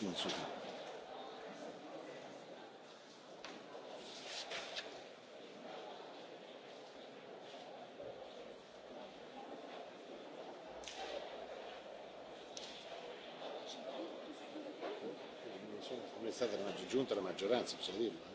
come è stata raggiunta la maggioranza bisogna dirlo.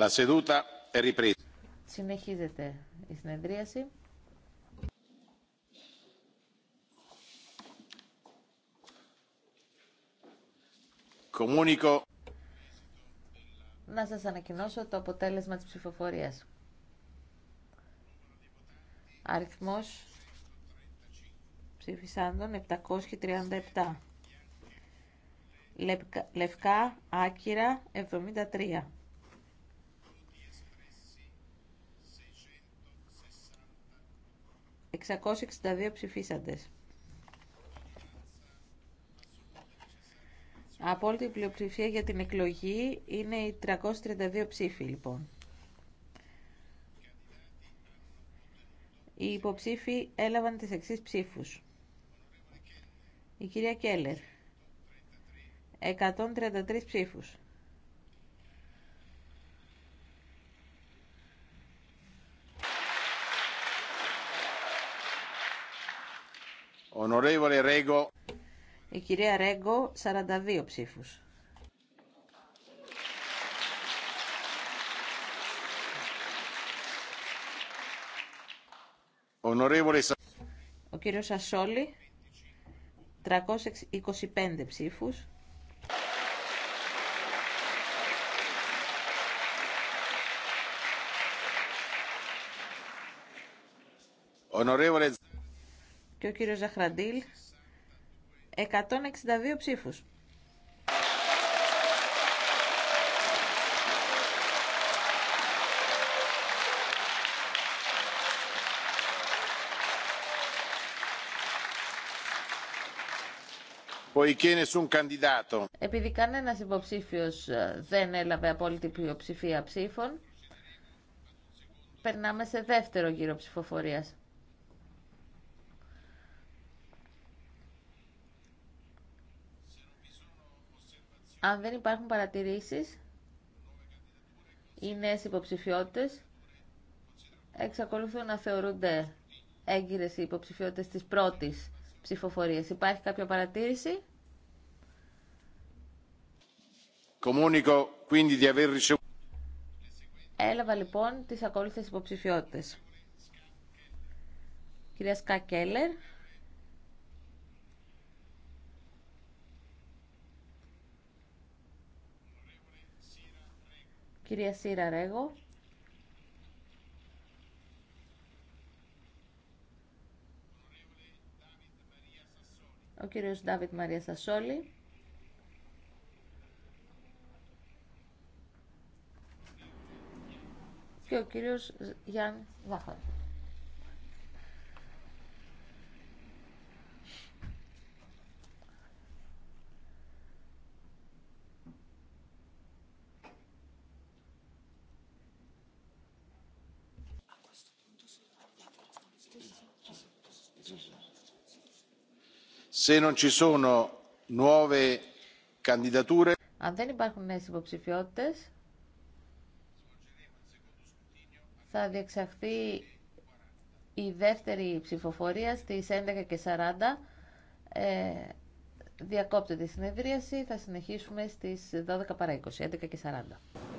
La seduta è Συνεχίζεται η συνεδρίαση. Comunico. Να σας ανακοινώσω το αποτέλεσμα της ψηφοφορίας. Αριθμός ψηφισάντων 737. Λευκά, άκυρα 73. 662 ψηφίσαντες. Απόλυτη πλειοψηφία για την εκλογή είναι οι 332 ψήφοι λοιπόν. Οι υποψήφοι έλαβαν τις εξής ψήφους. Η κυρία Κέλλερ, 133 ψήφους. Η κυρία Ρέγκο, 42 ψήφους. Ο κύριος Ασόλη, 325 ψήφους και ο κύριος Ζαχραντήλ 162 ψήφους. Επειδή κανένα υποψήφιο ε, δεν έλαβε απόλυτη πλειοψηφία ψήφων, περνάμε σε δεύτερο γύρο ψηφοφορίας. Αν δεν υπάρχουν παρατηρήσεις, οι νέες υποψηφιότητες εξακολουθούν να θεωρούνται έγκυρες οι υποψηφιότητες της πρώτης ψηφοφορίας. Υπάρχει κάποια παρατήρηση? Έλαβα λοιπόν τις ακόλουθες υποψηφιότητες. Κυρία Σκάκελερ. Κυρία Σύρα Ρέγο. Ο κύριος Ντάβιτ Μαρία Σασόλη. Και ο κύριος Γιάννη Βάχαρης. Αν δεν υπάρχουν νέες υποψηφιότητες, θα διεξαχθεί η δεύτερη ψηφοφορία στις 40. Ε, διακόπτεται η συνεδρίαση, θα συνεχίσουμε στις 12 παρα 20, 11.40.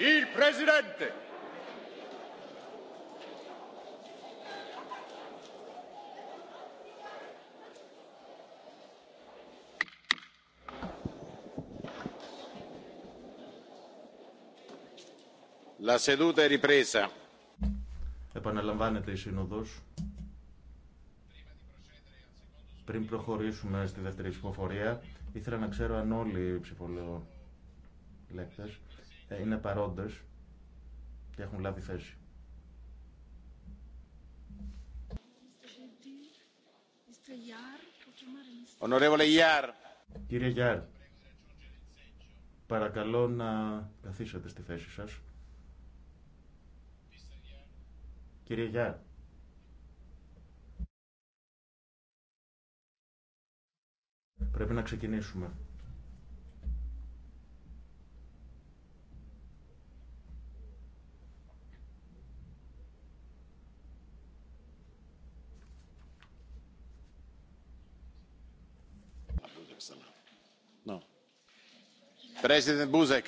Il Presidente. La seduta è ripresa. Επαναλαμβάνεται η Σύνοδος. Πριν προχωρήσουμε στη δεύτερη ψηφοφορία, ήθελα να ξέρω αν όλοι οι ψηφολέκτες ε, είναι παρόντες και έχουν λάβει θέση. Κύριε Γιάρ, παρακαλώ να καθίσετε στη θέση σας. Κύριε Γιάρ. Πρέπει να ξεκινήσουμε. Πρόεδρε Μπούζεκ.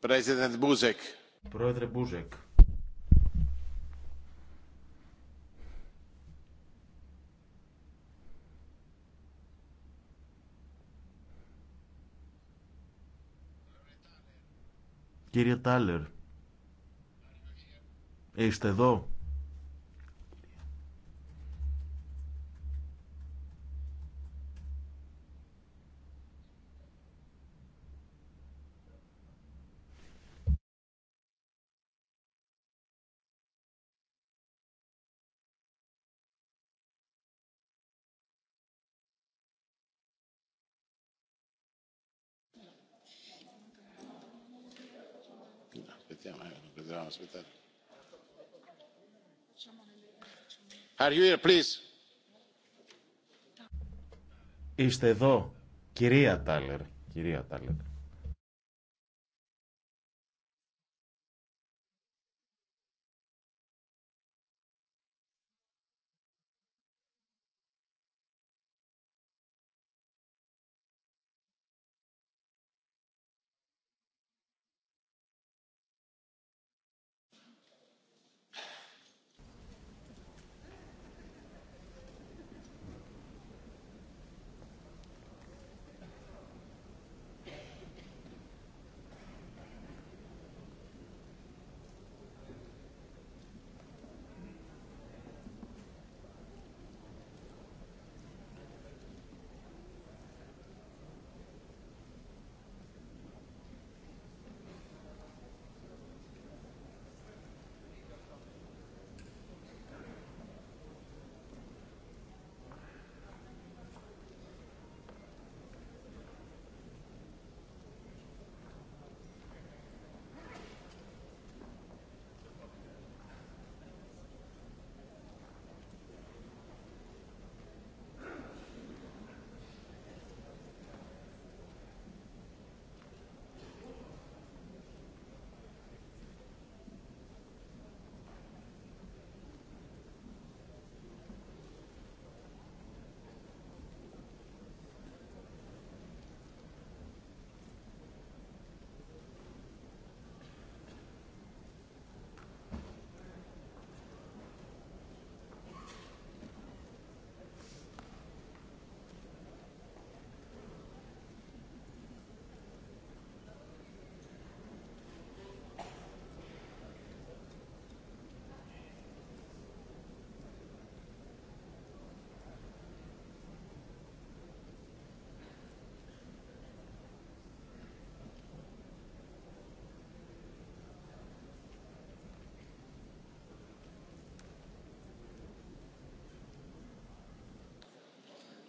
Πρόεδρε Μπούζεκ. Κύριε Τάλερ, είστε εδώ. Είστε εδώ, κυρία Τάλερ. Κυρία Τάλερ.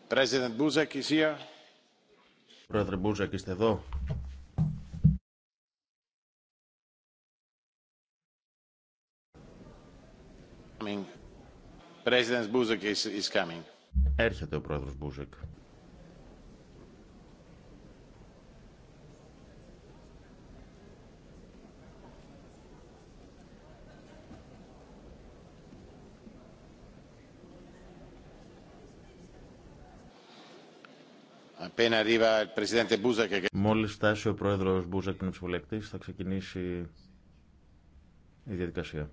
President Buzek is here. Πρόεδρε Μπούζακ, είστε εδώ. President Buzek is, is coming. Έρχεται ο πρόεδρος Μπούζακ. Μόλις φτάσει ο πρόεδρος Μπούζακ, είναι θα ξεκινήσει η διαδικασία.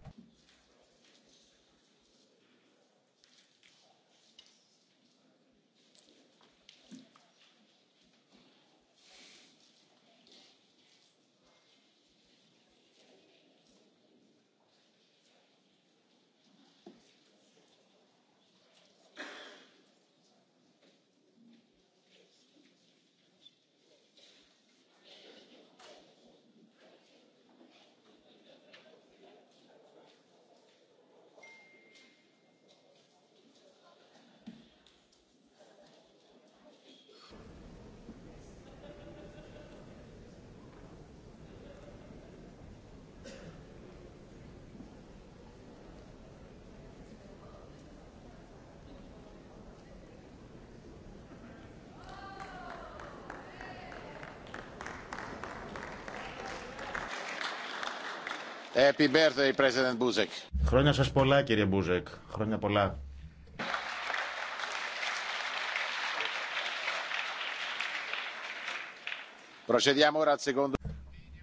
Happy birthday, President Buzek. Χρόνια σας πολλά, κύριε Μπούζεκ. Χρόνια πολλά.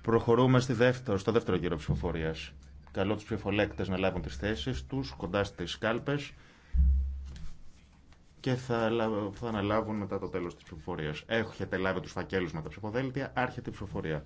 Προχωρούμε στη δεύτερο, στο δεύτερο γύρο ψηφοφορία. Καλώ του ψηφολέκτε να λάβουν τι θέσει του κοντά στι κάλπε και θα, θα αναλάβουν μετά το τέλο τη ψηφοφορία. Έχετε λάβει του φακέλου με τα ψηφοδέλτια, άρχεται η ψηφοφορία.